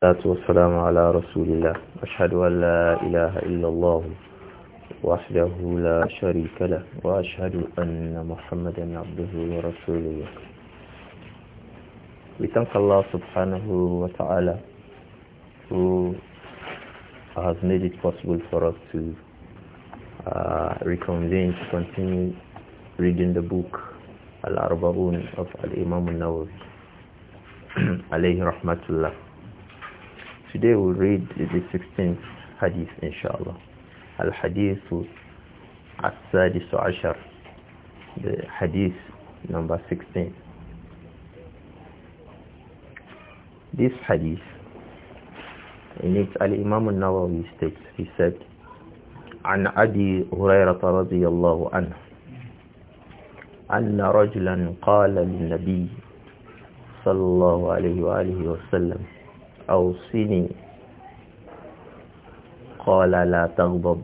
الصلاة والسلام على رسول الله أشهد أن لا إله إلا الله وحده لا شريك له وأشهد أن محمدا عبده ورسوله We thank Allah subhanahu wa ta'ala who has made it possible for us to uh, reconvene to continue reading the book Al-Arba'un of Al-Imam al-Nawawi alayhi rahmatullah Today we'll read the 16th hadith inshallah. Al-Hadith As-Sadis Ashar. The hadith number 16. This hadith, in it Al-Imam al-Nawawi states, he said, عن أبي هريرة رضي الله عنه أن رجلا قال للنبي صلى الله عليه وآله وسلم أوصني قال لا تغضب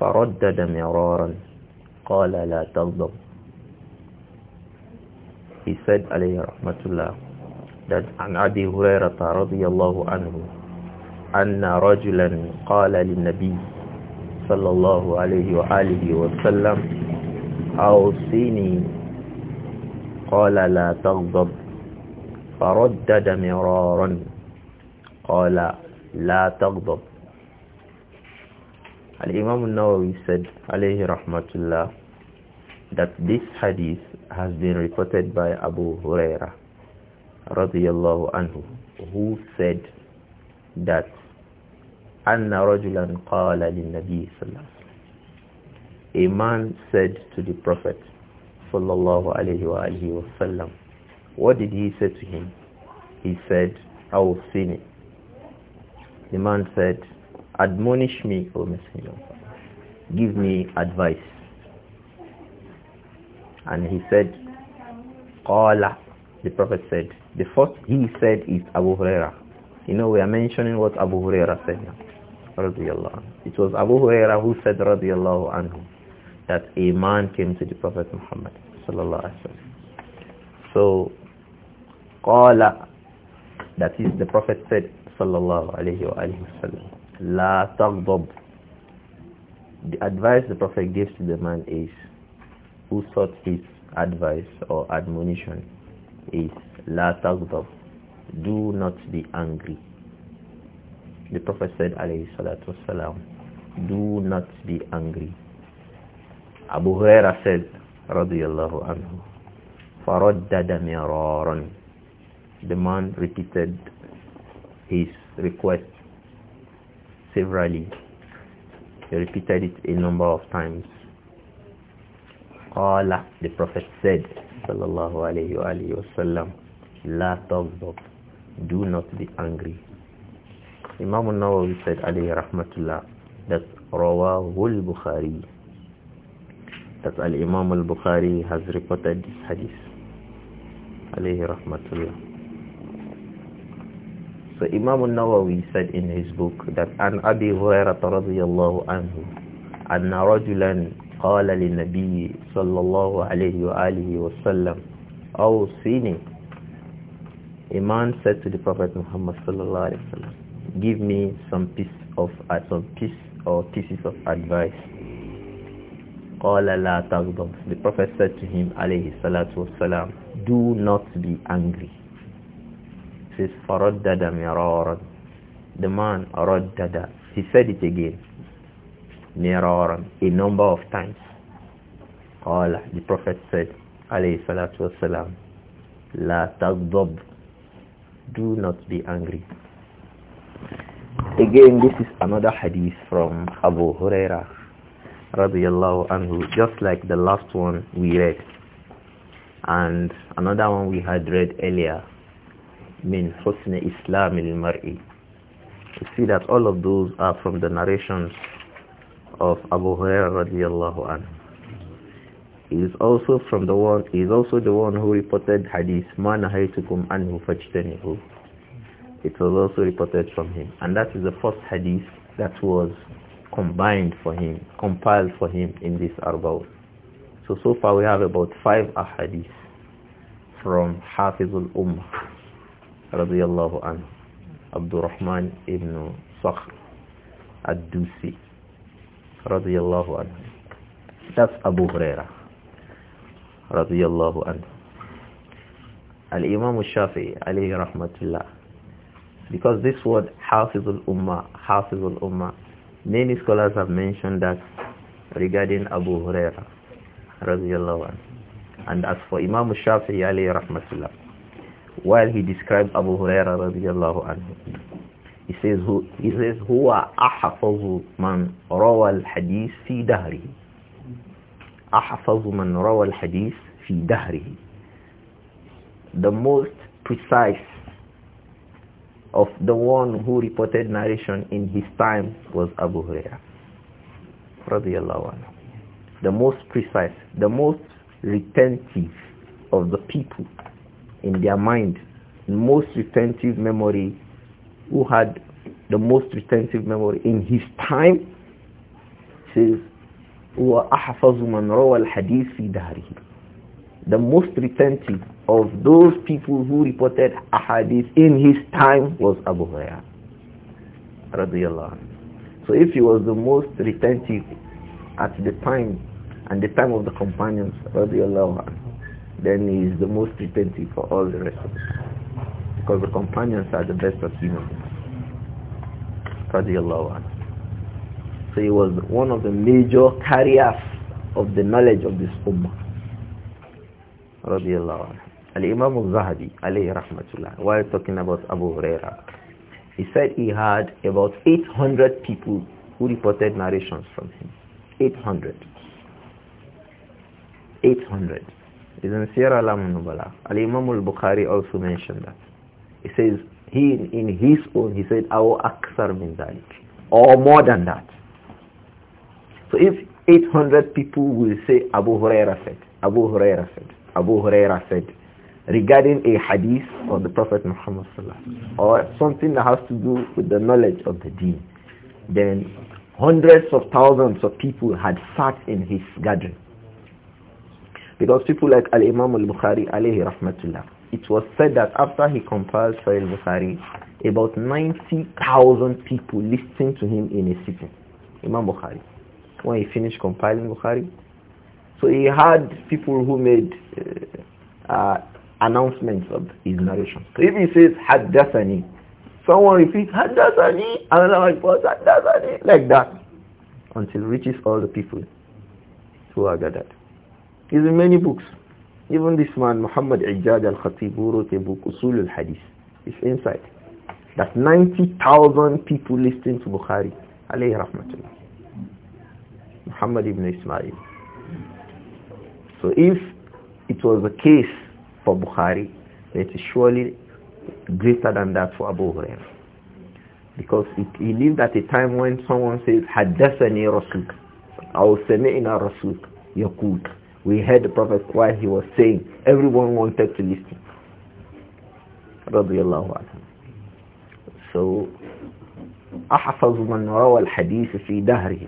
فردد مرارا قال لا تغضب He said عليه رحمة الله that عن أبي هريرة رضي الله عنه أن رجلا قال للنبي صلى الله عليه وآله وسلم أوصيني قال لا تغضب فردد مرارا قال لا تغضب الإمام النووي said عليه رحمة الله that this hadith has been reported by Abu Huraira radiyallahu anhu who said that "Anna رجلا قال للنبي صلى الله عليه وسلم a man said to the prophet صلى الله عليه وسلم what did he say to him? He said, I will sin it. The man said, admonish me, O Messenger. Give me advice. And he said, Qala. The Prophet said, the first he said is Abu Huraira. You know, we are mentioning what Abu Huraira said now. It was Abu Huraira who said, radiallahu anhu, that a man came to the Prophet Muhammad. So Qala. That is the Prophet said, sallallahu alayhi wa alayhi wa La taghdab. The advice the Prophet gives to the man is, who sought his advice or admonition is, La taghdab. Do not be angry. The Prophet said, alayhi salatu wasalam, do not be angry. Abu Huraira said, radiyallahu anhu, فردد مرارا the man repeated his request severally. He repeated it a number of times. Allah, the Prophet said, sallallahu alayhi wa sallam, La taghdab, do not be angry. Imam al-Nawawi said, alayhi rahmatullah, that rawahul Bukhari, that al-Imam al-Bukhari has reported this hadith, alayhi rahmatullah. So Imam al-Nawawi said in his book that An Abi Hurairah radiyallahu anhu أن رجلا قال للنبي صلى الله عليه وآله وسلم أوصيني A Imam said to the Prophet Muhammad sallallahu alaihi wasallam, "Give me some piece of uh, some piece or pieces of advice." قال لا The Prophet said to him, "Do not be angry." says, فَرَدَّدَ مِرَارًا The man, رَدَّدَ He said it again. مِرَارًا A number of times. Allah, the Prophet said, alayhi salatu wasalam, la تَغْضَبْ Do not be angry. Again, this is another hadith from Abu Hurairah radiyallahu anhu, just like the last one we read and another one we had read earlier min husn islam al-mar'i you see that all of those are from the narrations of Abu Hurairah radiyallahu anhu he is also from the one he is also the one who reported hadith man haytukum anhu fajtanihu it was also reported from him and that is the first hadith that was combined for him compiled for him in this arba'u so so far we have about five ahadith from Hafizul Ummah رضي الله عنه عبد الرحمن ابن صخر الدوسي رضي الله عنه That's Abu هريرة رضي الله عنه الإمام imam al رحمة الله because this word حافظ الأمة حافظ الأمة many scholars have mentioned that regarding Abu Huraira الله عنه and as for Imam al عليه رحمة الله while he describes Abu Huraira radiallahu anhu. He says, who, he says, هو أحفظ من روى الحديث في دهره. أحفظ من روى الحديث في دهره. The most precise of the one who reported narration in his time was Abu Huraira. Radiallahu anhu. The most precise, the most retentive of the people in their mind, most retentive memory, who had the most retentive memory in his time, says, وَأَحْفَظُ مَنْ رَوَى الْحَدِيثِ فِي دَهْرِهِ The most retentive of those people who reported ahadith in his time was Abu Hurairah. So if he was the most retentive at the time and the time of the companions, radiallahu anhu, then he is the most retentive for all the rest of us. Because the companions are the best of humans. So he was one of the major carriers of the knowledge of this ummah. Radiallahu anhu. Al-Imam al-Zahabi, alayhi rahmatullah, while talking about Abu Huraira, he said he had about 800 people who reported narrations from him. 800. 800. It's in Sierra Alam Nubala. Al-Imam al-Bukhari also mentioned that. He says, he in his own, he said, Aw aksar min dhalik. Or more than that. So if 800 people will say, Abu Huraira said, Abu Huraira said, Abu Huraira said, regarding a hadith of the Prophet Muhammad or something that has to do with the knowledge of the deen, then hundreds of thousands of people had sat in his garden because people like Al-Imam al-Bukhari alayhi rahmatullah, it was said that after he compiled Sahih al-Bukhari, about 90,000 people listened to him in a sitting. Imam Bukhari. When he finished compiling Bukhari. So he had people who made uh, uh, announcements of his narration. So if he says, Haddathani, someone repeats, Haddathani, another reports, Haddathani, like that, until reaches all the people who are gathered. Is in many books. Even this man, Muhammad Ijad al-Khatib, who wrote a book, Usul al-Hadith, is inside. That 90,000 people listening to Bukhari, alayhi rahmatullah. Muhammad ibn Ismail. So if it was the case for Bukhari, it is surely greater than that for Abu Hurairah. Because it, he lived at a time when someone says, حدثني رسول أو سمعنا رسول يقول we heard the Prophet while he was saying, everyone wanted to listen. Radiallahu anhu. So, أحفظ من روى الحديث في دهره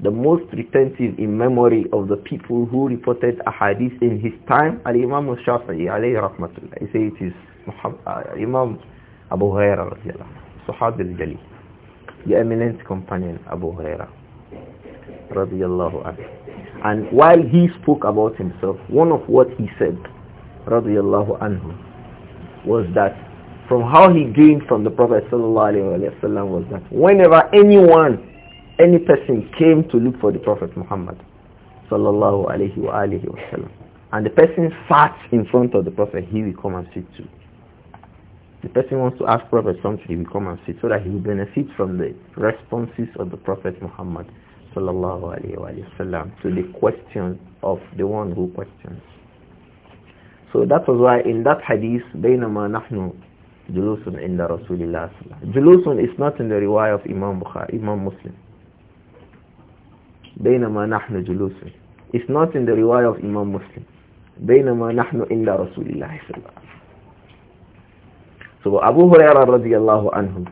the most retentive in memory of the people who reported a hadith in his time, Al-Imam al-Shafi'i, alayhi rahmatullah. He say it is Muhammad, uh, Imam Abu Huraira, Suhab al-Jali, the eminent companion Abu Huraira, radiallahu anhu. And while he spoke about himself, one of what he said, radiallahu anhu, was that from how he gained from the Prophet sallallahu Wasallam was that whenever anyone, any person came to look for the Prophet Muhammad sallallahu Alaihi wa and the person sat in front of the Prophet, he will come and sit too. The person wants to ask Prophet something, he will come and sit so that he will benefit from the responses of the Prophet Muhammad sallallahu alayhi wa sallam to the question of the one who questions. So that was why in that hadith, بينما نحن جلوس عند رسول الله صلى جلوس is not in the riwayah of Imam Bukhari, Imam Muslim. بينما نحن جلوس. It's not in the riwayah of Imam Muslim. بينما نحن عند رسول الله صلى So Abu Hurairah radiallahu anhu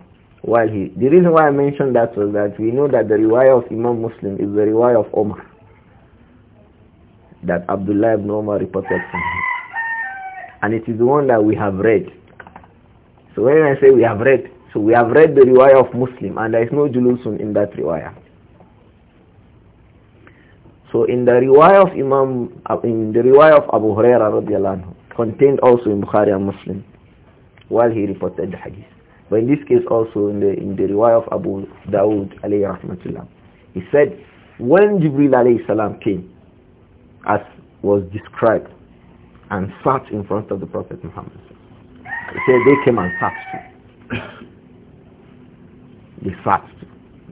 while he the reason why I mentioned that was that we know that the riwayah of Imam Muslim is the riwayah of Omar that Abdullah ibn Omar reported from him and it is the one that we have read so when I say we have read so we have read the riwayah of Muslim and there is no julusun in that riwayah so in the riwayah of Imam uh, in the riwayah of Abu Hurairah contained also in Bukhari and Muslim while he reported the hadith but in this case also in the in the riwayah of Abu Dawood alayhi rahmatullah, he said when Jibril alayhi salam came, as was described, and sat in front of the Prophet Muhammad, he said they came and sat too. they sat.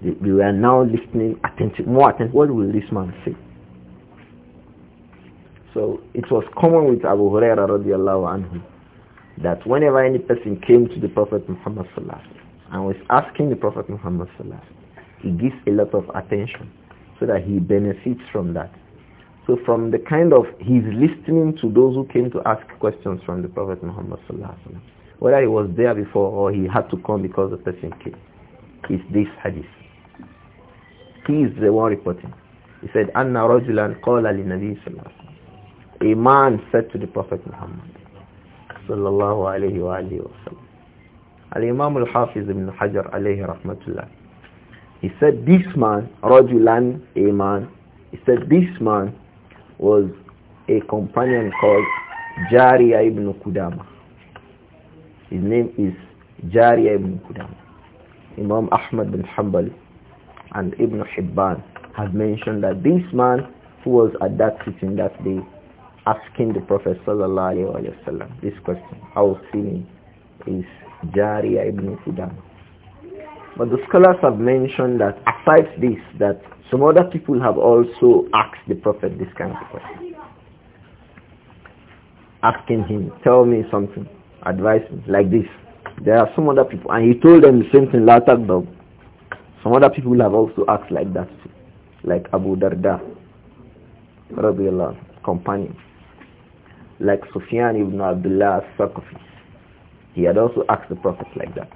They, were now listening attentive, more attentive. What will this man say? So it was common with Abu Huraira radiallahu anhu that whenever any person came to the Prophet Muhammad and was asking the Prophet Muhammad he gives a lot of attention so that he benefits from that. So from the kind of, he's listening to those who came to ask questions from the Prophet Muhammad whether he was there before or he had to come because the person came. is this hadith. He is the one reporting. He said, Anna رَجُلًا قَالَ لِنَبِيِّ صَلَّى A man said to the Prophet Muhammad sallallahu alayhi wa alayhi Al-Imam al-Hafiz ibn Hajar alayhi rahmatullah. He said this man, Rajulan, a man, he said this man was a companion called Jariya ibn Qudama. His name is Jariya ibn Qudama. Imam Ahmad bin Hanbal and Ibn Hibban have mentioned that this man who was at that sitting that day asking the Prophet وسلم, this question. How seen is Jariya ibn Sudan. But the scholars have mentioned that aside this, that some other people have also asked the Prophet this kind of question. Asking him, tell me something, advise me, like this. There are some other people, and he told them the same thing, La Some other people have also asked like that, like Abu Darda, companion like Sufyan ibn Abdullah al-Saqafi. He had also asked the Prophet like that.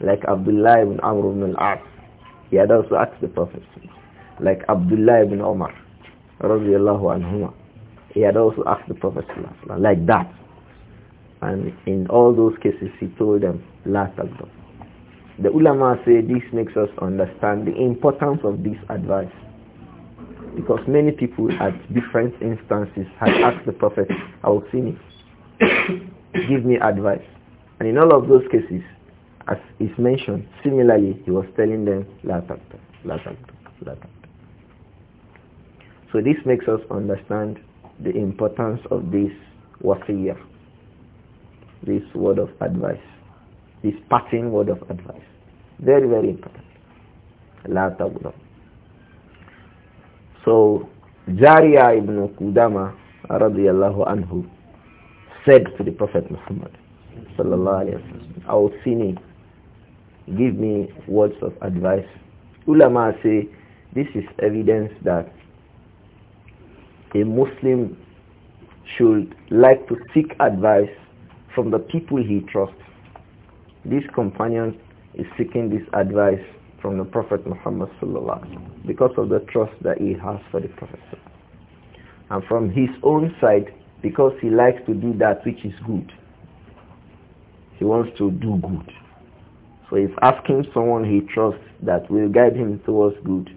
Like Abdullah ibn Amr ibn al-As. He had also asked the Prophet. Like Abdullah ibn Omar. Radiallahu anhuma. He had also asked the Prophet like that. And in all those cases he told them, La taqdam. The ulama say this makes us understand the importance of this advice. Because many people at different instances had asked the Prophet, me. give me advice. And in all of those cases, as is mentioned, similarly, he was telling them, La taqta, la taqta, la taqta. So this makes us understand the importance of this wasiyah, this word of advice, this parting word of advice. Very, very important. La taqta. So Jariya ibn Qudama radiallahu anhu said to the Prophet Muhammad sallallahu alayhi wa sallam, give me words of advice. Ulama say this is evidence that a Muslim should like to seek advice from the people he trusts. This companion is seeking this advice from the Prophet Muhammad because of the trust that he has for the Prophet. And from his own side, because he likes to do that which is good. He wants to do good. So if asking someone he trusts that will guide him towards good,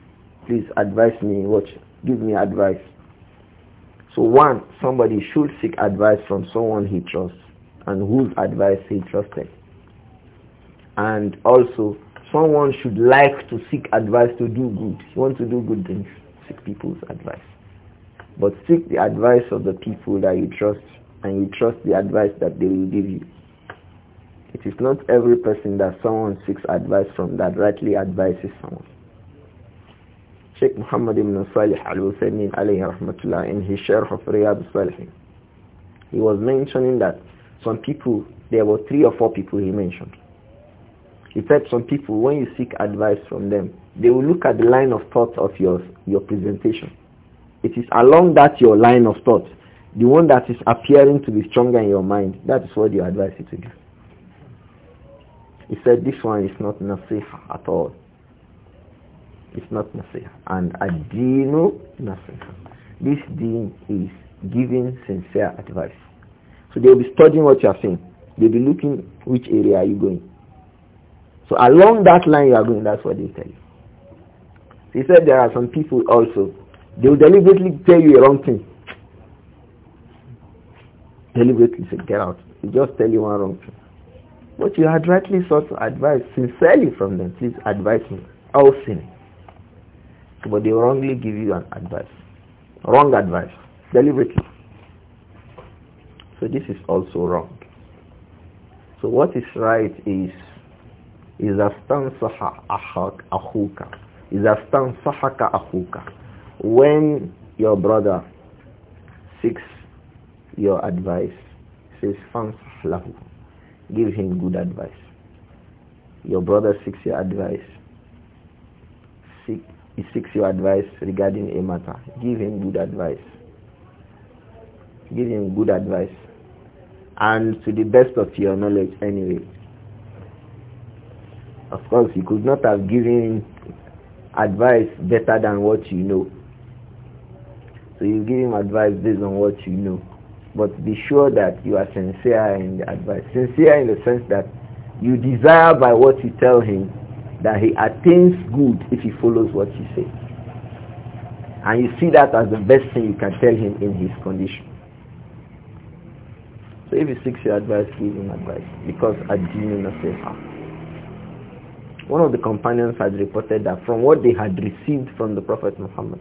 please advise me, watch, give me advice. So one, somebody should seek advice from someone he trusts and whose advice he trusted. And also, someone should like to seek advice to do good. You want to do good things, seek people's advice. But seek the advice of the people that you trust and you trust the advice that they will give you. It is not every person that someone seeks advice from that rightly advises someone. Sheikh Muhammad ibn Salih al-Uthaymeen alayhi rahmatullah in his Sharh of Riyad al-Salihin, he was mentioning that some people, there were three or four people he mentioned he said some people, when you seek advice from them, they will look at the line of thought of your, your presentation. It is along that your line of thought, the one that is appearing to be stronger in your mind, that is what you advise it to do. He said this one is not nasiha at all. It's not nasiha. And adinu nasiha. This deen is giving sincere advice. So they'll be studying what you are saying. They'll be looking which area are you going. So along that line you are going, that's what they tell you. He said there are some people also, they will deliberately tell you a wrong thing. Deliberately say, get out. They just tell you one wrong thing. But you had rightly sought advice sincerely from them. Please advise me. All sin. But they wrongly give you an advice. Wrong advice. Deliberately. So this is also wrong. So what is right is إذا استنصح أخاك أخوك إذا استنصحك أخوك when your brother seeks your advice says fansah lahu give him good advice your brother seeks your advice seek he seeks your advice regarding a matter give him good advice give him good advice and to the best of your knowledge anyway of course, you could not have given advice better than what you know. So you give him advice based on what you know. But be sure that you are sincere in the advice. Sincere in the sense that you desire by what you tell him that he attains good if he follows what you say. And you see that as the best thing you can tell him in his condition. So if he seeks your advice, give him advice. Because say nasiha. One of the companions had reported that from what they had received from the Prophet Muhammad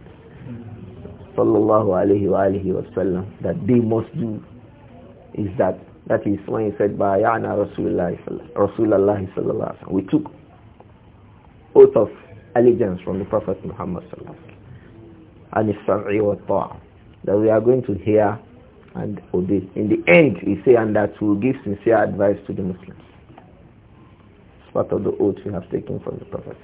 sallallahu alayhi wa alihi wasallam that they must do is that that is when he said bayana rasulullah rasulullah sallallahu we took oath of allegiance from the prophet muhammad sallallahu alaihi wasallam and wa that we are going to hear and obey in the end he said, and that will give sincere advice to the muslims part of the oath we have taken from the Prophet.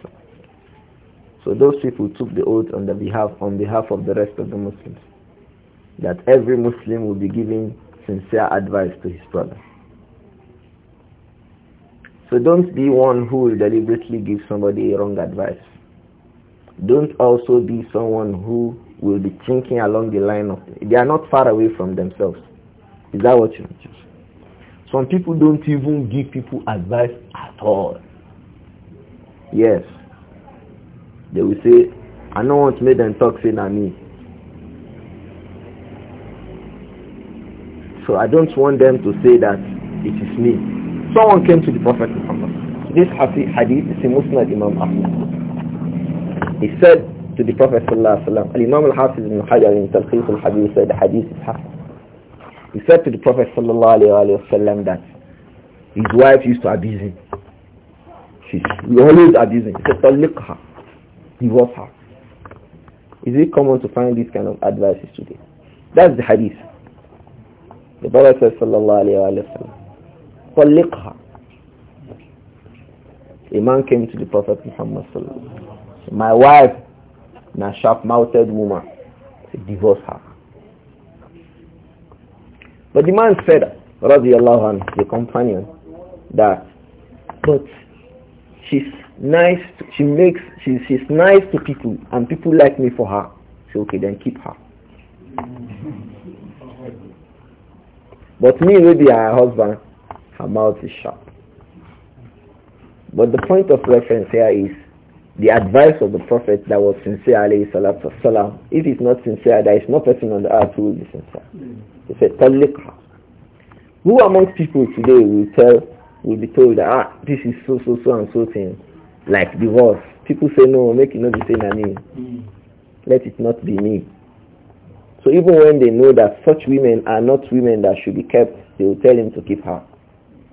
So those people took the oath on the behalf on behalf of the rest of the Muslims. That every Muslim will be giving sincere advice to his brother. So don't be one who will deliberately give somebody wrong advice. Don't also be someone who will be thinking along the line of they are not far away from themselves. Is that what you mean? Some people don't even give people advice all. Yes. They will say, I don't want to make them talk say me. So I don't want them to say that it is me. Someone came to the Prophet Muhammad. This hadith is in Musnad Imam Ahmad. He said to the Prophet sallallahu alaihi wasallam, Imam al-Hafiz ibn Hajar in Talqis al-Hadith said the hadith is hasan. He said to the Prophet sallallahu alaihi wasallam that his wife used to abuse him. We always abusing. Tataliqha. Divorce her. Is it common to find these kind of advices today? That's the hadith. The Prophet says, sallallahu alayhi wa sallam, A man came to the Prophet Muhammad sallallahu My wife, a sharp-mouthed woman, said, divorce her. But the man said, radiallahu anhu, the companion, that, but she's nice she makes she, she's nice to people and people like me for her so okay then keep her but me maybe her husband her mouth is sharp. but the point of reference here is the advice of the prophet that was sincere alayhi salatu wasalam if it's not sincere there is no person on the earth who will be sincere he said Taliqa. who amongst people today will tell will be told that, ah, this is so, so, so and so thing, like divorce. People say, no, make it not be saying me. Hmm. Let it not be me. So even when they know that such women are not women that should be kept, they will tell him to keep her.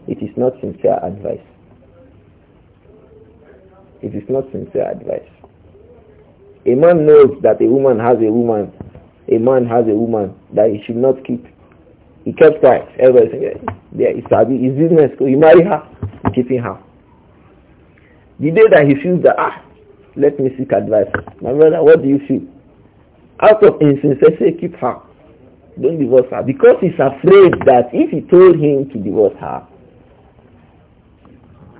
It is not sincere advice. It is not sincere advice. A man knows that a woman has a woman, a man has a woman that he should not keep. He kept quiet. Everybody said, yeah, it's Sabi, it's business. So you marry her, You're keeping her. The day that he feels that, ah, let me seek advice. My brother, what do you feel? Out of insincerity, keep her. Don't divorce her. Because he's afraid that if he told him to divorce her,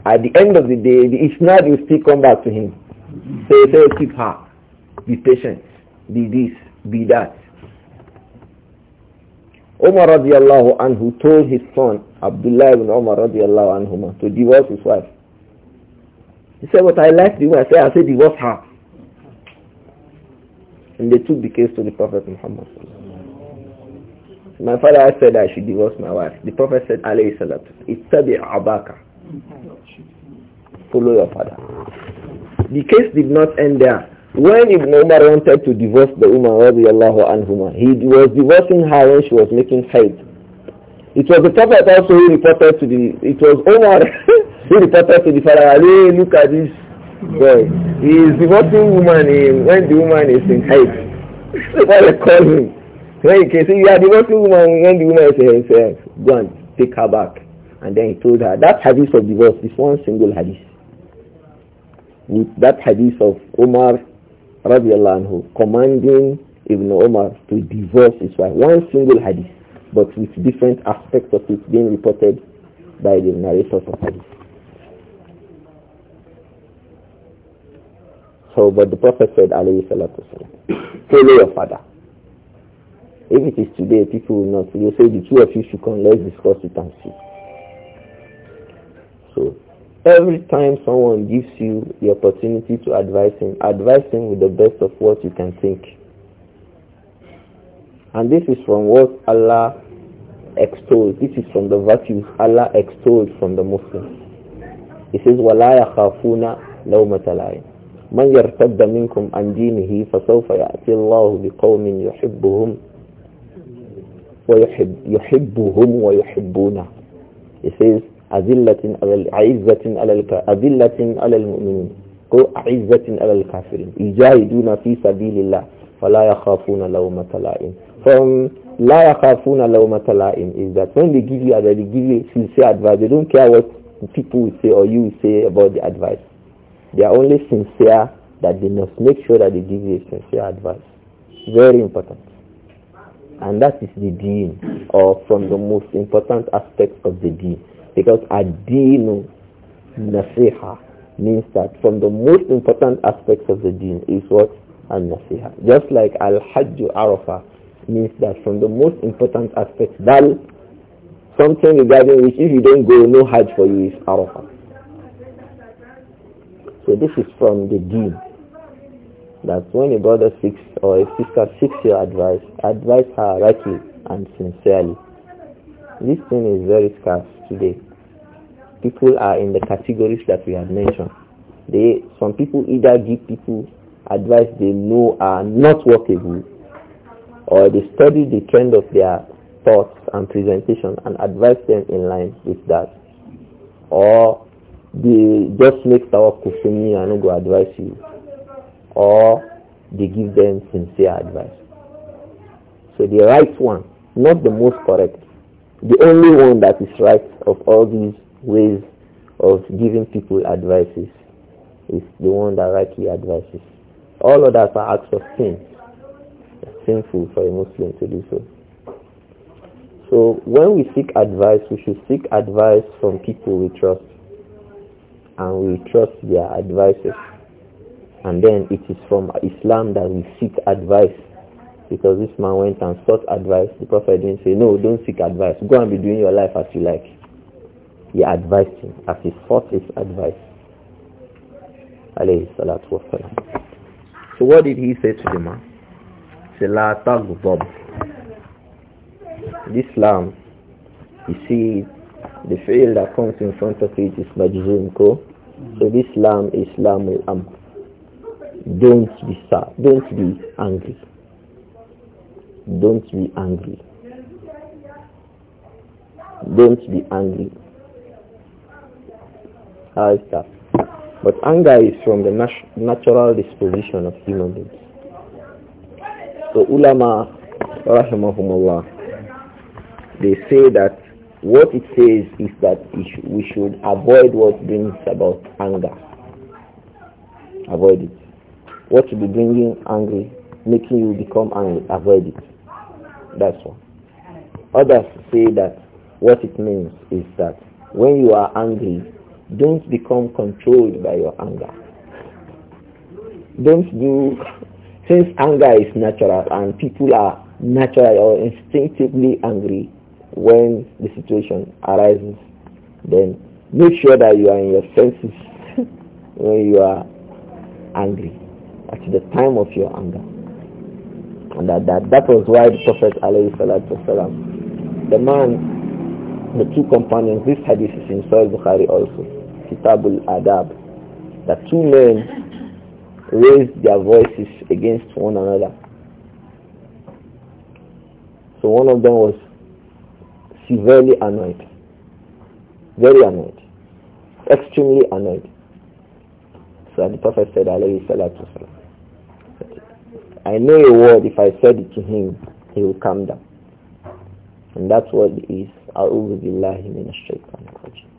at the end of the day, the isnad will still come back to him. Say, so say, keep her. Be patient. Be this. Be that. Umar radiallahu anhu told his son, Abdullah ibn Umar radiallahu anhu, to divorce his wife. He said, but I like the I said, I said, divorce her. And they took the case to the Prophet Muhammad. my father said I should divorce my wife. The Prophet said, alayhi salatu, ittabi abaka. Follow your father. The case did not end there. When Ibn Umar wanted to divorce the Umar radiallahu anhuma, he was divorcing her when she was making haid. It was the Prophet also who reported to the, it was Umar who reported to the father. hey, look at this boy. He is divorcing woman in, when the woman is in haid. The father called him. When he can see, you are divorcing woman when the woman is in haid, go and take her back. And then he told her, that hadith of divorce is one single hadith. With that hadith of Umar radiallahu anhu, commanding Ibn Omar to divorce his wife. One single hadith, but with different aspects of it being reported by the narrators of hadith. So, but the Prophet said, alayhi salatu wasalam, follow your father. If it is today, people will not. say, the two of you should come, let's discuss it and see. So, Every time someone gives you the opportunity to advise him, advise him with the best of what you can think. And this is from what Allah extolled. This is from the virtues Allah extolled from the Muslims. He says, وَلَا يَخَافُونَ لَوْمَةَ لَعِينَ من يرتد منكم عن دينه فسوف يأتي الله بقوم يحبهم ويحب يحبهم He says, أذلة على عزة على أذلة على المؤمنين أو عزة على الكافرين يجاهدون في سبيل الله فلا يخافون لومة لائم from لا يخافون لومة لائم is that when they give you advice they give you sincere advice they don't care what people will say or you will say about the advice they are only sincere that they must make sure that they give you sincere advice very important and that is the deen or from the most important aspects of the deen because adinu Nasihah nasiha means that from the most important aspects of the deen is what? Al-nasiha. Just like al-hajj arafah means that from the most important aspects, dal, something regarding which if you don't go, no hajj for you is arafah. So this is from the deen. That when a brother seeks or a sister seeks your advice, advise her rightly and sincerely. This thing is very scarce today people are in the categories that we have mentioned. They, some people either give people advice they know are not workable, or they study the trend of their thoughts and presentation and advise them in line with that. Or they just make tawakkuf to me and I go advise you. Or they give them sincere advice. So the right one, not the most correct, the only one that is right of all these ways of giving people advices is the one that rightly advises. All others are acts of sin. It's sinful for a Muslim to do so. So when we seek advice, we should seek advice from people we trust. And we trust their advices. And then it is from Islam that we seek advice. Because this man went and sought advice. The Prophet didn't say, no, don't seek advice. Go and be doing your life as you like he advised him as he sought his advice. So what did he say to the man? This lamb, you see, the field that comes in front of it is majzum So this lamb is lam al amr. Don't be sad. Don't be angry. Don't be angry. Don't be angry high But anger is from the nat natural disposition of human beings. So ulama, rahimahumullah, they say that what it says is that we should avoid what brings about anger. Avoid it. What should be bringing angry, making you become angry, avoid it. That's one. Others say that what it means is that when you are angry, don't become controlled by your anger. Don't do, since anger is natural and people are naturally or instinctively angry when the situation arises, then make sure that you are in your senses when you are angry, at the time of your anger. And that, that, that was why the Prophet والسلام, the man, the two companions, this hadith is in Sahih Bukhari also. Kitabul Adab that two men raised their voices against one another. So one of them was severely annoyed, very annoyed, extremely annoyed. So the Prophet said, alayhi salatu I know a word, if I said it to him, he will calm down. And that word is, أعوذ بالله من الشيطان الرجيم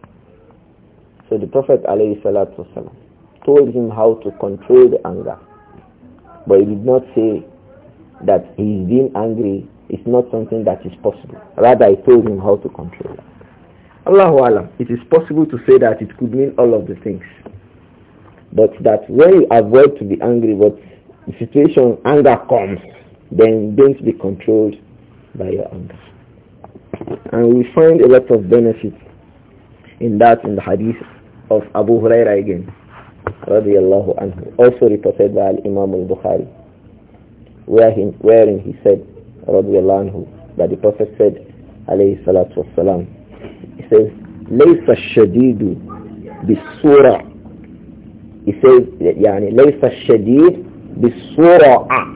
so the Prophet والسلام, told him how to control the anger. But he did not say that he is being angry is not something that is possible. Rather, he told him how to control it. Allahu Alam, it is possible to say that it could mean all of the things. But that when you avoid to be angry, but the situation anger comes, then don't be controlled by your anger. And we find a lot of benefit in that in the hadith of Abu Huraira again, radiallahu anhu, also reported by Imam al-Bukhari, wherein, wherein he said, radiallahu anhu, that the Prophet said, alayhi salatu wasalam, he says, ليس الشديد بالسرعة he says يعني ليس الشديد بالسرعة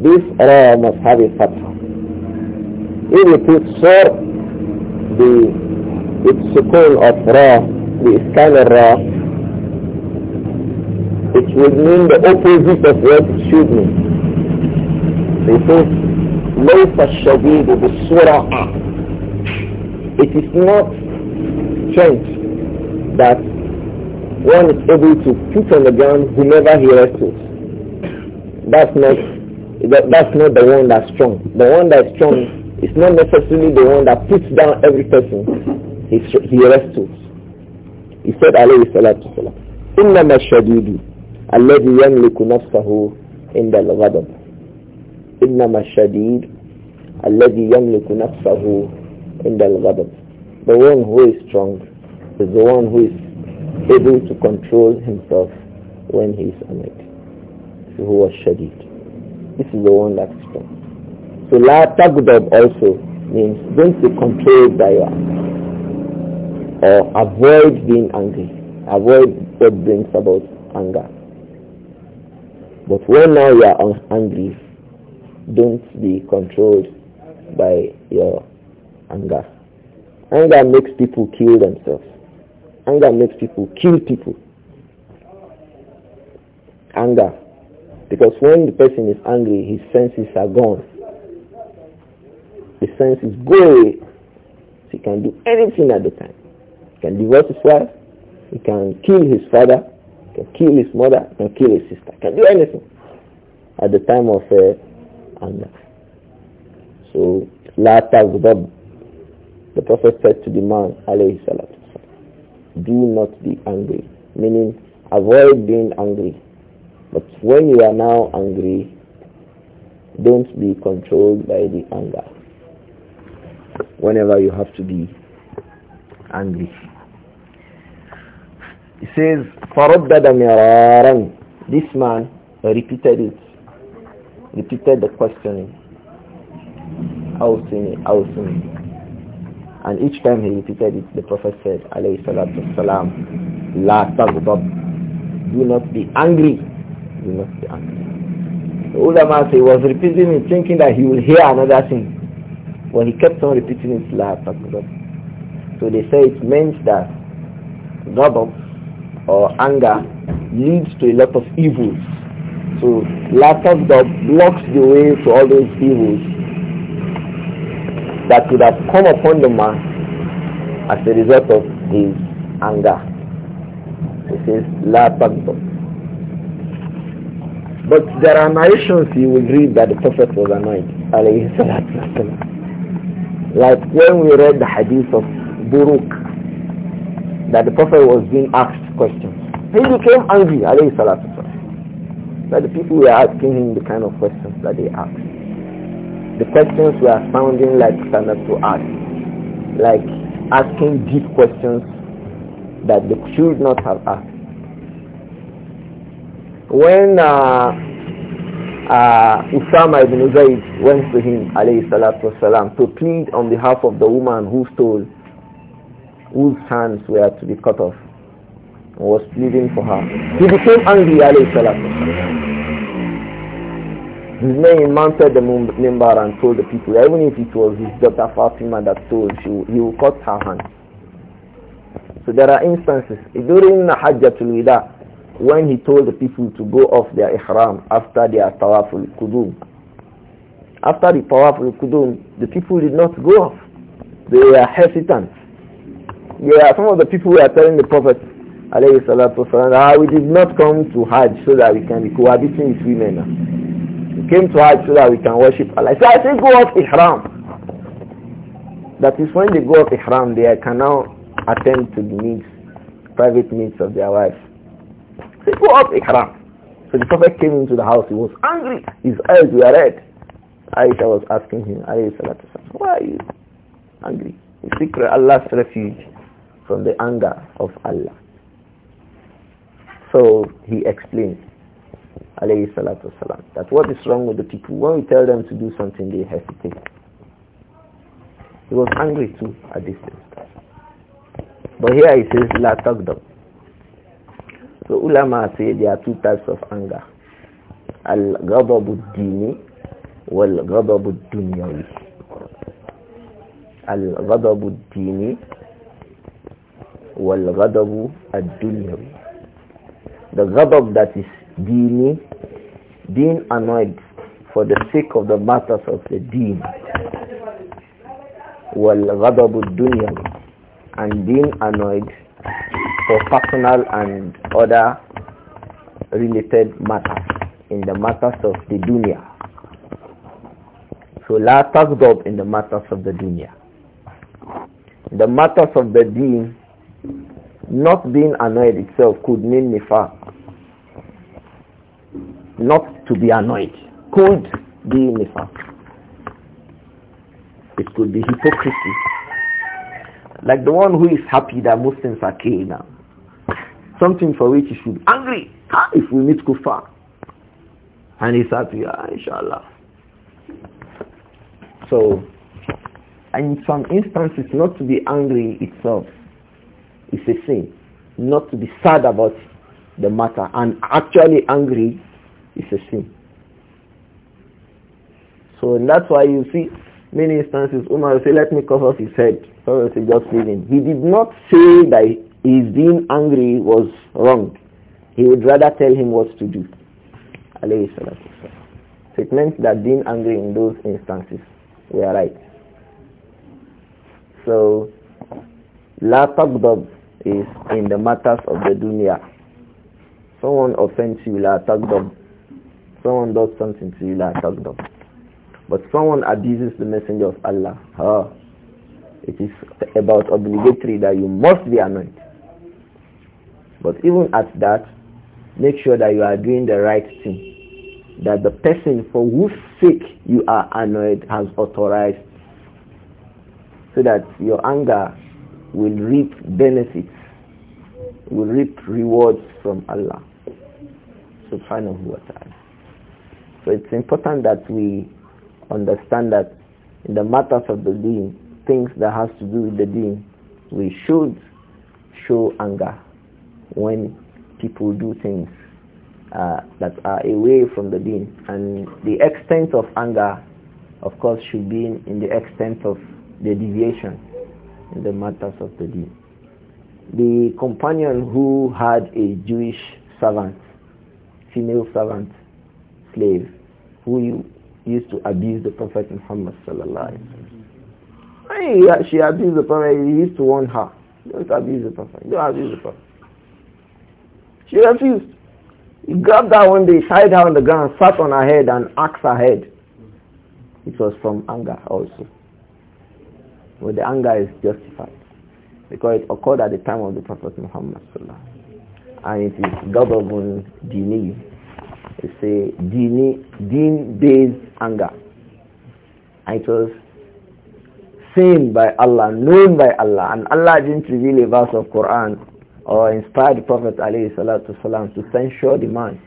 this raw must have a fatha if you put sur the it's sukun of raw the kind of raw, it would mean the opposite of what it should mean. Because ليس the Surah It is not strength that one is able to put on the ground whomever he wrestles. That's not that, that's not the one that's strong. The one that's strong is not necessarily the one that puts down every person he, he wrestles. He said, alayhi salatu salam. wasalam, إِنَّمَا الشَّدِيدُ الَّذِي يَمْلِكُ نَفْسَهُ Inna الْغَضَبِ إِنَّمَا الشَّدِيدُ الَّذِي يَمْلِكُ نَفْسَهُ عِنْدَ الْغَضَبِ The one who is strong is the one who is able to control himself when he is angry. So who was shadid. This is the one that's strong. So la tagdab also means don't be controlled by your anger or avoid being angry. Avoid what brings about anger. But when now you are angry, don't be controlled by your anger. Anger makes people kill themselves. Anger makes people kill people. Anger. Because when the person is angry, his senses are gone. His senses go away. So he can do anything at the time can divorce his wife, he can kill his father, can kill his mother, can kill his sister, can do anything at the time of uh, anger. So, la The Prophet said to the man, do not be angry, meaning avoid being angry. But when you are now angry, don't be controlled by the anger. Whenever you have to be angry. He says, فَرَدَّدَ مِرَارًا This man repeated it, repeated the questioning. أوصني أوصني and each time he repeated it, the Prophet said, alayhi salatu salam, la taghdab, do not be angry, do not be angry. The ulama say he was repeating it thinking that he will hear another thing. Well, he kept on repeating it, la taghdab. So they say it means that ghadab or anger leads to a lot of evils. So lack of God blocks the way to all those evils that could have come upon the man as a result of his anger. It says La Tagdob. But there are narrations you will read that the Prophet was annoyed. Like when we read the hadith of buruk that the Prophet was being asked questions. He became angry, alayhi salatu that the people were asking him the kind of questions that they asked. The questions were sounding like standard to ask, like asking deep questions that they should not have asked. When uh, uh, Usama ibn Zayd went to him, alayhi salatu wasalam, to plead on behalf of the woman who stole whose hands were to be cut off and was pleading for her. He became angry, alayhi His name mounted the member and told the people, even if it was his daughter Fatima that told, she, he will cut her hand. So there are instances. During the Hajjatul Wida, when he told the people to go off their ihram after their powerful kudum after the powerful kudum the people did not go off. They were hesitant yeah, some of the people were telling the Prophet, alayhi salatu ah, we did not come to Hajj so that we can be cohabiting with women. We came to Hajj so that we can worship Allah. So I say go off Ihram. That is when they go off Ihram, they can now attend to the needs, private needs of their wives. They go off Ihram. So the Prophet came into the house, he was angry, his eyes were red. Aisha was asking him, alayhi salatu why are you angry? You seek Allah's refuge from the anger of Allah. So he explains, alayhi salatu that what is wrong with the people? When we tell them to do something, they hesitate. He was angry too at this time. But here he says, la taqdam. So ulama say there are two types of anger. Al-ghadab ad-dini wal-ghadab ad-dunyawi. Al-ghadab ad-dini وَالْغَضَبُ الدُّنْيَوِي The ghadab that is dini, being annoyed for the sake of the matters of the deen. وَالْغَضَبُ الدُّنْيَوِي And being annoyed for personal and other related matters in the matters of the dunya. So la taghdab in the matters of the dunya. The matters of the deen, not being annoyed itself could mean nifaq. Not to be annoyed could be nifaq. It could be hypocrisy. Like the one who is happy that Muslims are killed now. Something for which he should be angry if we meet kuffar. And he's happy, ah, inshallah. So, in some instances, not to be angry itself it's a sin. Not to be sad about the matter and actually angry is a sin. So that's why you see many instances Umar will say, let me cover his head. So he just leaving. He did not say that his being angry was wrong. He would rather tell him what to do. So it meant that being angry in those instances were right. So, la تغضب is in the matters of the dunya. Someone offends you, la tagdab. Someone does something to you, la tagdab. But someone abuses the messenger of Allah. it is about obligatory that you must be anointed. But even at that, make sure that you are doing the right thing. That the person for whose sake you are annoyed has authorized. So that your anger will reap benefits, will reap rewards from Allah subhanahu wa ta'ala. So it's important that we understand that in the matters of the deen, things that has to do with the deen, we should show anger when people do things uh, that are away from the deen. And the extent of anger, of course, should be in, in the extent of the deviation in the matters of the deen. The companion who had a Jewish servant, female servant, slave, who used to abuse the Prophet Muhammad sallallahu alaihi She abused the Prophet. He used to warn her, "Don't abuse the Prophet. Don't abuse the Prophet." She refused. He grabbed her one day, tied her on the ground, sat on her head, and axed her head. It was from anger also. Well, the anger is justified because it occurred at the time of the Prophet Muhammad sallallahu and it is Gababun Dini. It's a Dini, din, based anger. And it was seen by Allah, known by Allah, and Allah didn't reveal a verse of Quran or inspire the Prophet sallallahu alaihi wasallam to censure the man.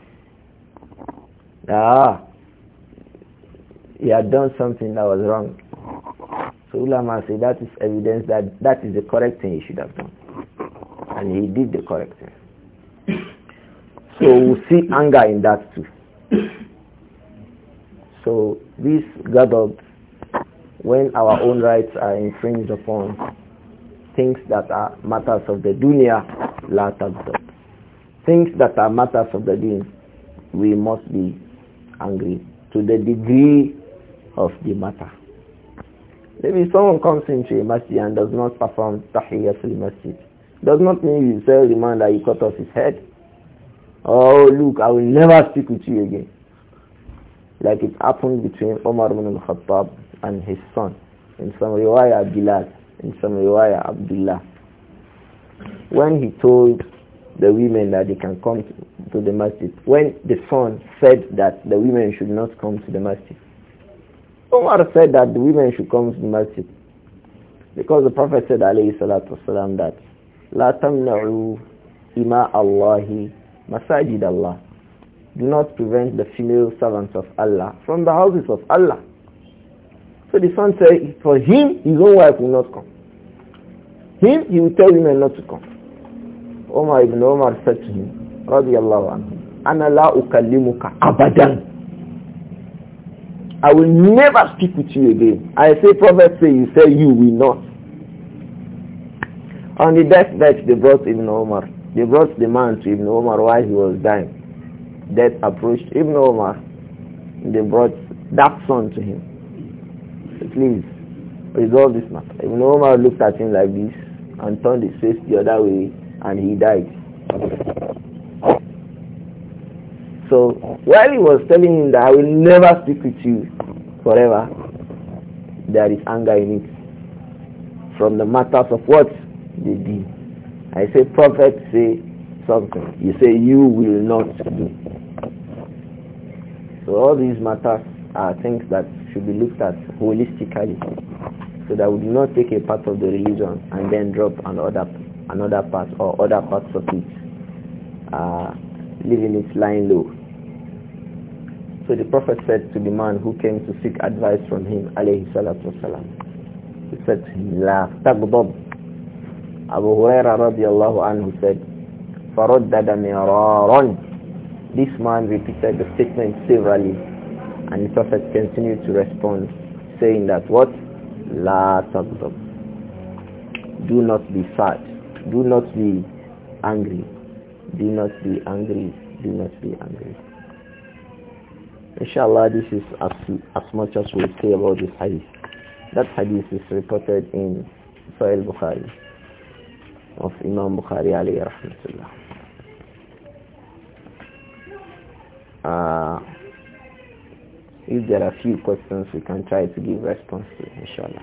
Ah, he had done something that was wrong. So ulama say that is evidence that that is the correct thing he should have done. And he did the correct thing. So we see anger in that too. So this gathered when our own rights are infringed upon things that are matters of the dunya la taghdab. Things that are matters of the deen, we must be angry to the degree of the matter. Maybe someone comes into a masjid and does not perform tahiyatul masjid. Does not mean you tell the man that you cut off his head. Oh, look, I will never speak with you again. Like it happened between Omar ibn al-Khattab and his son. In some riwayah, Abdullah, In some riwayah, Abdullah. When he told the women that they can come to the masjid, when the son said that the women should not come to the masjid, Umar said that the women should come to the masjid. Because the Prophet said, alayhi salatu wasalam, that La tamna'u ima Allahi masajid Allah. Do not prevent the female servants of Allah from the houses of Allah. So the son said, for him, his own wife will not come. Him, he will tell women not to come. Omar ibn Omar said to him, radiyallahu anhu, ana la ukallimuka abadan. I will never speak with you again. I say, prophet say, you say, you will not. On the deathbed, they brought Ibn Omar. They brought the man to Ibn Omar while he was dying. Death approached Ibn Omar. They brought that son to him. Please, resolve this matter. Ibn Omar looked at him like this and turned his face the other way and he died. So while he was telling him that I will never speak with you forever, there is anger in it from the matters of what they did. I say, prophet, say something. You say, you will not do. So all these matters are things that should be looked at holistically so that we do not take a part of the religion and then drop another another part or other parts of it, uh, leaving it lying low. So the Prophet said to the man who came to seek advice from him, alayhi salatu wasalam, he said to him, La Abu Huraira radiallahu anhu said, فَرَدَّدَ مِرَارًا This man repeated the statement severally and the Prophet continued to respond saying that what? La taghdab. Do not be sad. Do not be angry. Do not be angry. Do not be angry. Inshallah, this is as, as much as we say about this hadith. That hadith is reported in Sahih Bukhari of Imam Bukhari alayhi rahmatullah. Uh, if there are few questions, we can try to give response to, inshallah.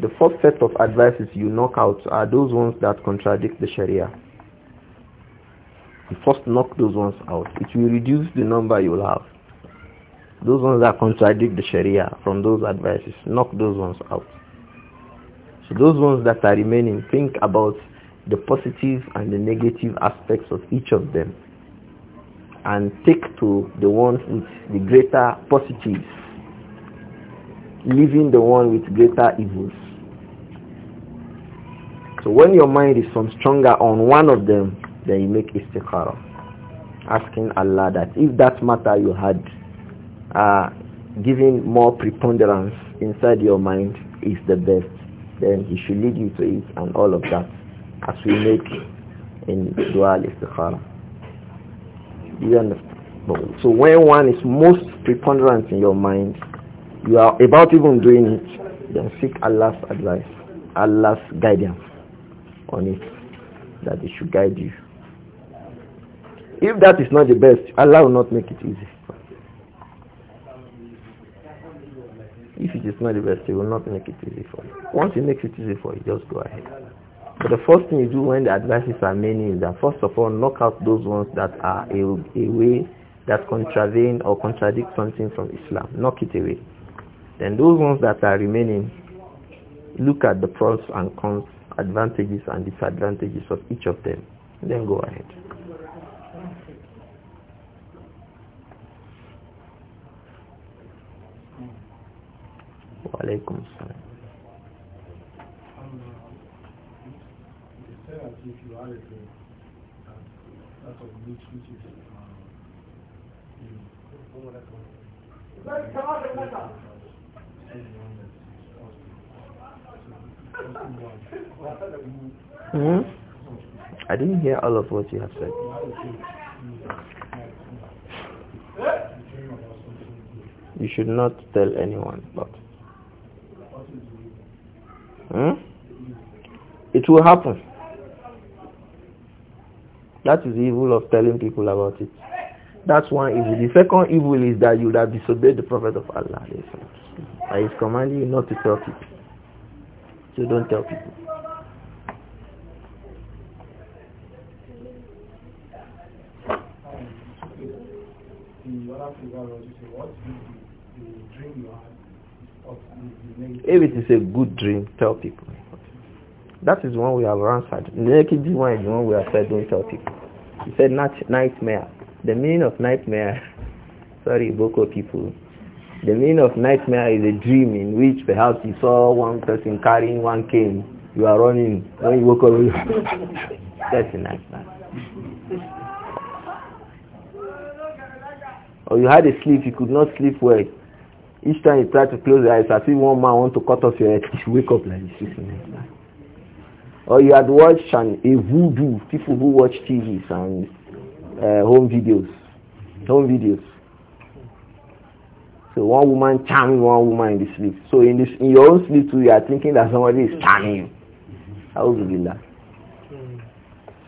The first set of advices you knock out are those ones that contradict the Sharia. You first knock those ones out. It will reduce the number you will have. Those ones that contradict the Sharia from those advices, knock those ones out. So those ones that are remaining, think about the positive and the negative aspects of each of them and take to the ones with the greater positives, leaving the one with greater evils. So when your mind is from stronger on one of them, then you make istikhara. Asking Allah that if that matter you had uh, given more preponderance inside your mind is the best, then he should lead you to it and all of that as we make in dual al-istikhara. You understand? So when one is most preponderant in your mind, you are about even doing it, then seek Allah's advice, Allah's guidance on it, that it should guide you. If that is not the best, Allah will not make it easy. If it is not the best, He will not make it easy for you. Once He makes it easy for you, just go ahead. But the first thing you do when the advices are many is that first of all, knock out those ones that are a, a way that contravene or contradict something from Islam. Knock it away. Then those ones that are remaining, look at the pros and cons advantages and disadvantages of each of them. Then go ahead. Hmm? I didn't hear all of what you have said. You should not tell anyone about it. Hmm? It will happen. That is the evil of telling people about it. That's one evil. The second evil is that you have disobeyed the Prophet of Allah. I is commanding you not to tell people. So don't tell people. If it is a good dream, tell people. That is one we have answered. Naked one is one we have said don't tell people. He said nightmare. The meaning of nightmare, sorry, Boko people, the meaning of nightmare is a dream in which perhaps you saw one person carrying one cane. You are running. When you woke up, you that's a nightmare. Or you had a sleep, you could not sleep well. Each time you try to close your eyes, I see one man want to cut off your head, you wake up like this. Or you had watched an, a voodoo, people who watch TVs and uh, home videos. Home videos so one woman charming one woman in the sleep. So in this in your own sleep too, you are thinking that somebody is charming you. How would you that?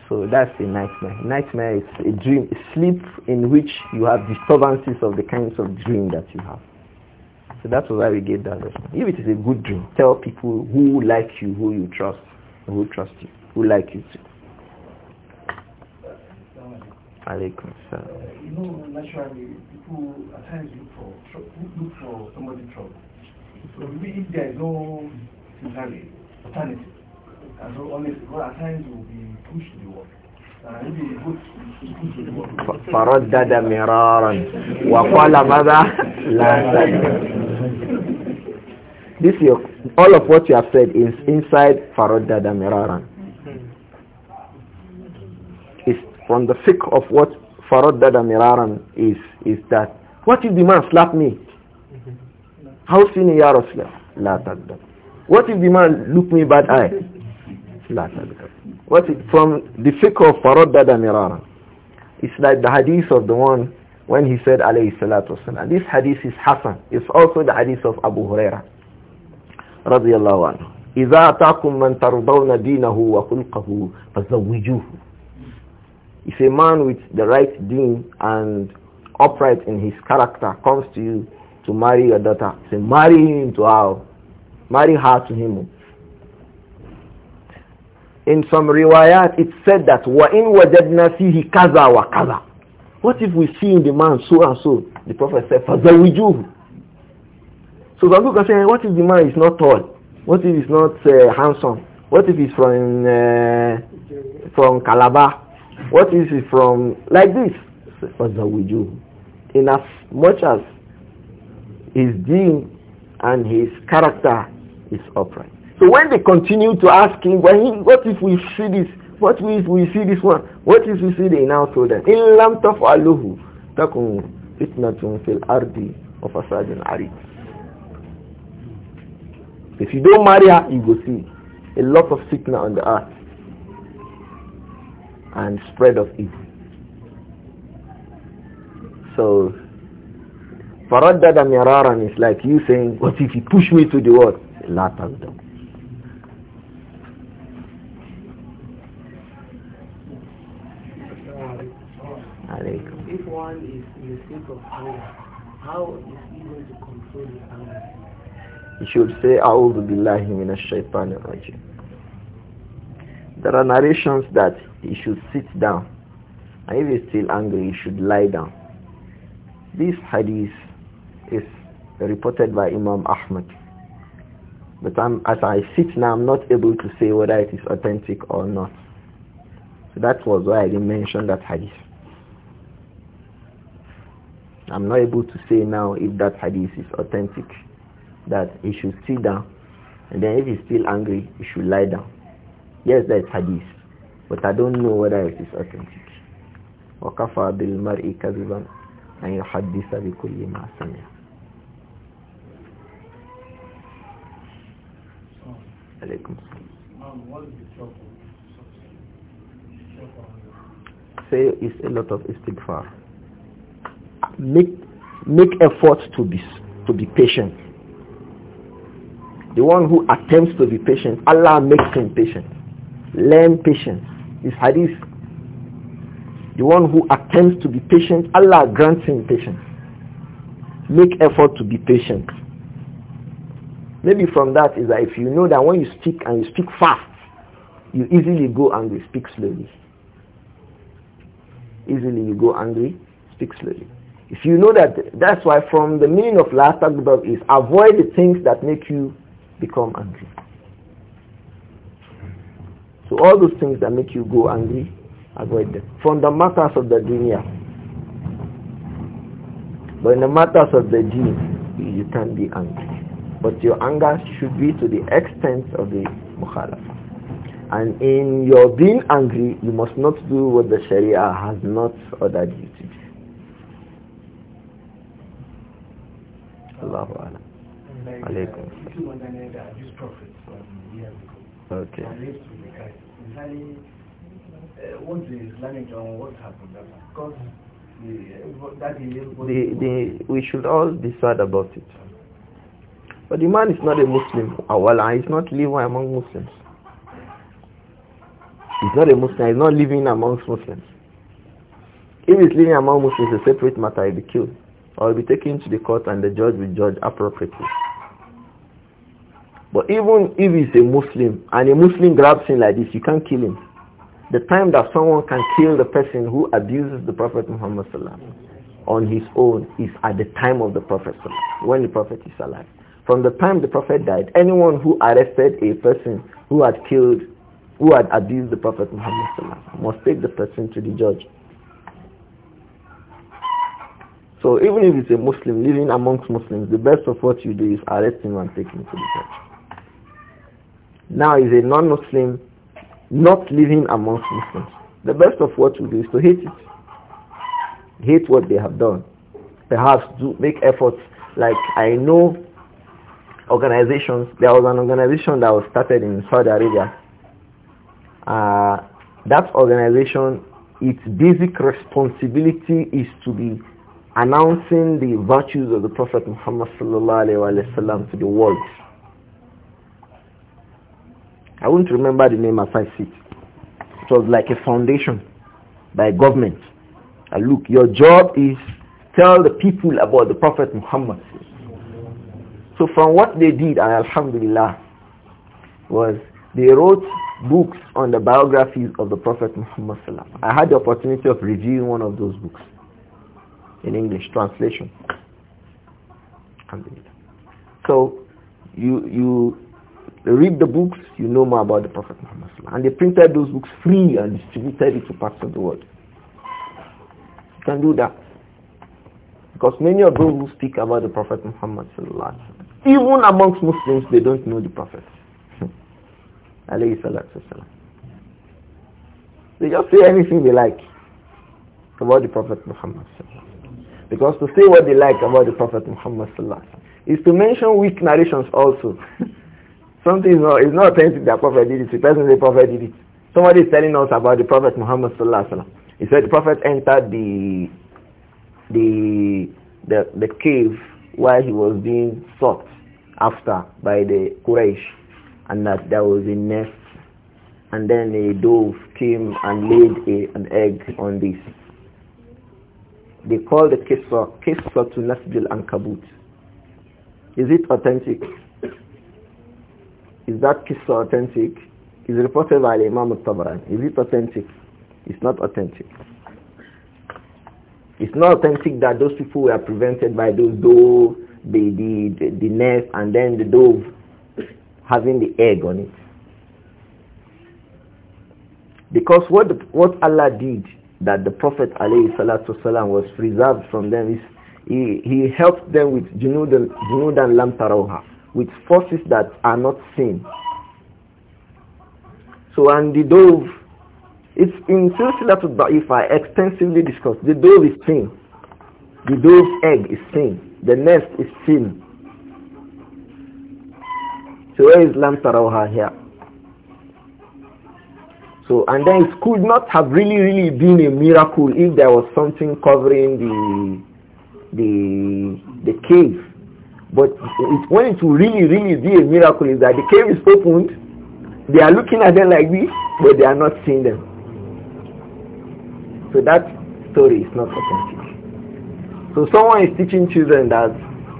So that's a nightmare. Nightmare is a dream, a sleep in which you have disturbances of the kinds of dream that you have. So that's why we get that If it is a good dream, tell people who like you, who you trust, who trust you, who like you too. Alaikum salam. Uh, you know, naturally, people at times look for, look for somebody trouble. So maybe if there is no sincerity, alternative, and so honestly, God at times will be pushed to the فردد مرارا وقال ماذا لا This is all of what you have said is inside فردد مرارا from the fiqh of what faraddada miraran is, is that, what if the man slap me? How sin ya Rasulallah? La taqdab. What if the man look me bad eye? La taqdab. What if, from the fiqh of faraddada miraran, it's like the hadith of the one when he said alayhi salatu wasalam. This hadith is Hassan. It's also the hadith of Abu Huraira. رضي الله عنه إذا أتاكم من ترضون دينه وخلقه فزوجوه if a man with the right deen and upright in his character comes to you to marry your daughter, say marry him to her. Marry her to him. In some riwayat, it said that wa in وَإِن وَجَدْنَا kaza wa kaza. What if we see in the man so and so? The Prophet said, فَزَوِّجُوهُ So the people can say, what if the man is not tall? What if he's not uh, handsome? What if he's from, uh, from Calabar? What is it from? Like this. Fazawiju. In as much as his deen and his character is upright. So when they continue to ask him, when he, what if we see this? What if we see this one? What if we see the now told them? In lam taf'aluhu takun fitnatun fil ardi of asadin arid. If you don't marry her, you go see a lot of sickness on the earth and spread of evil. So, فَرَدَّدَ مِرَارًا is like you saying, what if you push me to the wall? لا تغضب If one is in the state of power, how is he going to control his anger? He should say, أعوذ بالله من الشيطان الرجيم. There are narrations that he should sit down. And if he's still angry, he should lie down. This hadith is reported by Imam Ahmad. But I'm, as I sit now, I'm not able to say whether it is authentic or not. So that was why I didn't mention that hadith. I'm not able to say now if that hadith is authentic, that he should sit down. And then if he's still angry, he should lie down. Yes, that's hadith. But I don't know whether it is authentic. وَكَفَى بِالْمَرْءِ كَذِبًا أَنْ يُحَدِّثَ بِكُلِّ مَا سَمِعَ عليكم السلام Say it's a lot of istighfar. Make make effort to be to be patient. The one who attempts to be patient, Allah makes him patient. Learn patience. His hadith, the one who attempts to be patient, Allah grants him patience. Make effort to be patient. Maybe from that is that if you know that when you speak and you speak fast, you easily go angry, speak slowly. Easily you go angry, speak slowly. If you know that, that's why from the meaning of last is avoid the things that make you become angry. So all those things that make you go angry, avoid them. From the matters of the dunya. But in the matters of the deen, you can be angry. But your anger should be to the extent of the mukhalaf. And in your being angry, you must not do what the Sharia has not ordered you to do. Allahu Akbar. Uh, Alaykum. Okay. Uh, uh, the, the, we should all be sad about it. But the man is not a Muslim. Awala, ah, he's not living among Muslims. He's not a Muslim. He's not living amongst Muslims. If he's living among Muslims, it's a separate matter. He'll be killed. Or he'll be taken to the court and the judge will judge appropriately. But even if he's a Muslim and a Muslim grabs him like this, you can't kill him. The time that someone can kill the person who abuses the Prophet Muhammad on his own is at the time of the Prophet when the Prophet is alive. From the time the Prophet died, anyone who arrested a person who had killed, who had abused the Prophet Muhammad must take the person to the judge. So even if it's a Muslim living amongst Muslims, the best of what you do is arrest him and take him to the church now is a non-Muslim not living amongst Muslims. The best of what we do is to hate it. Hate what they have done. Perhaps do make efforts like I know organizations. There was an organization that was started in Saudi Arabia. Uh, that organization, its basic responsibility is to be announcing the virtues of the Prophet Muhammad to the world I won't remember the name as I see It was like a foundation by government. And look, your job is tell the people about the Prophet Muhammad. So from what they did, and Alhamdulillah, was they wrote books on the biographies of the Prophet Muhammad I had the opportunity of reviewing one of those books in English translation. So you you they read the books, you know more about the Prophet Muhammad. And they printed those books free and distributed it to parts of the world. You can do that. Because many of those who speak about the Prophet Muhammad, even amongst Muslims, they don't know the Prophet. they just say anything they like about the Prophet Muhammad. Because to say what they like about the Prophet Muhammad is to mention weak narrations also. Something is not, it's not authentic that Prophet did it. The person the Prophet did it. Somebody is telling us about the Prophet Muhammad Sallallahu Alaihi Wasallam. He said the Prophet entered the, the, the, the cave while he was being sought after by the Quraysh and that there was a nest and then a dove came and laid a, an egg on this. They call the kisa kisa to nasbil Kabut. Is it authentic? Is that kisra authentic? Is reported by Imam al-Tabaran. Is it authentic? It's not authentic. It's not authentic that those people were prevented by those dove, the, the, the, the nest, and then the dove having the egg on it. Because what, the, what Allah did that the Prophet والسلام, was preserved from them is he, he helped them with junud and lam tarawha with forces that are not seen. So and the dove, it's in But if I extensively discuss, The dove is seen. The dove's egg is seen. The nest is seen. So where is Lam here? So and then it could not have really really been a miracle if there was something covering the the the cave but it's when it will really, really be a miracle is that the cave is opened, they are looking at them like this, but they are not seeing them. So that story is not authentic. So someone is teaching children that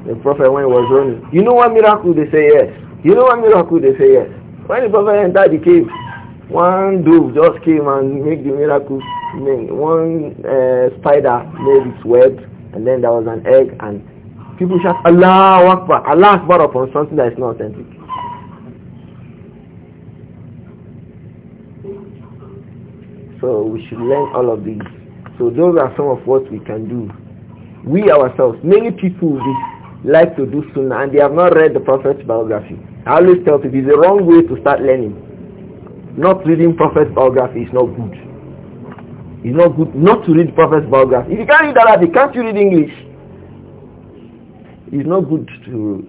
the prophet when he was running, you know what miracle they say yes. You know what miracle they say yes. When the prophet entered the cave, one dove just came and made the miracle. One uh, spider made its web, and then there was an egg, and People shout Allah Akbar, Allah Akbar upon something that is not authentic. So we should learn all of these. So those are some of what we can do. We ourselves, many people like to do sunnah and they have not read the Prophet's biography. I always tell people it's the wrong way to start learning. Not reading Prophet's biography is not good. It's not good not to read Prophet's biography. If you can't read Arabic, can't you read English? It's not good to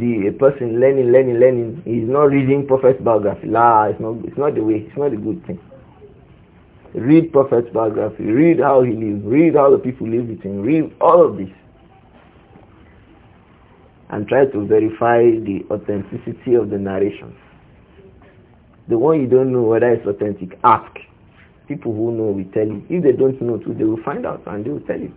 the person learning, learning, learning. He's not reading Prophet's biography. La, it's not, it's not the way. It's not a good thing. Read Prophet's biography. Read how he lived. Read how the people lived with him. Read all of this. And try to verify the authenticity of the narration. The one you don't know whether it's authentic, ask. People who know will tell you. If they don't know too, they will find out and they will tell you.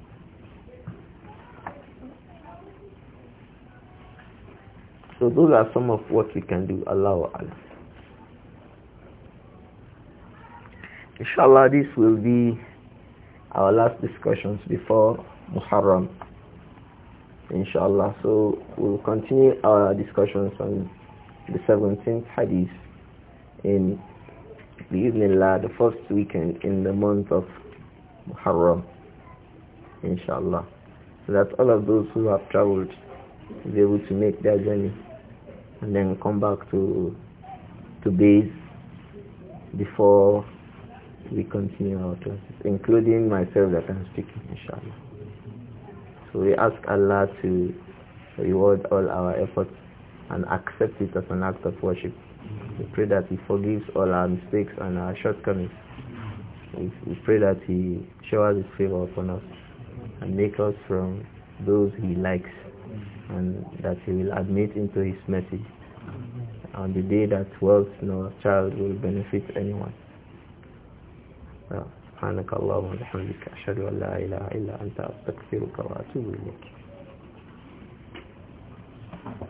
So those are some of what we can do. Allah Allah. Inshallah, this will be our last discussions before Muharram. Inshallah. So we'll continue our discussions on the 17th hadith in the evening, the first weekend in the month of Muharram. Inshallah. So that all of those who have traveled will be able to make their journey and then come back to to base before we continue our classes, including myself that I'm speaking, inshallah. So we ask Allah to reward all our efforts and accept it as an act of worship. We pray that He forgives all our mistakes and our shortcomings. We pray that He showers His favor upon us and make us from those He likes and that he will admit into his message on the day that wealth nor child will benefit anyone. سبحانك اللهم وبحمدك أشهد أن لا إله إلا أنت أستغفرك وأتوب إليك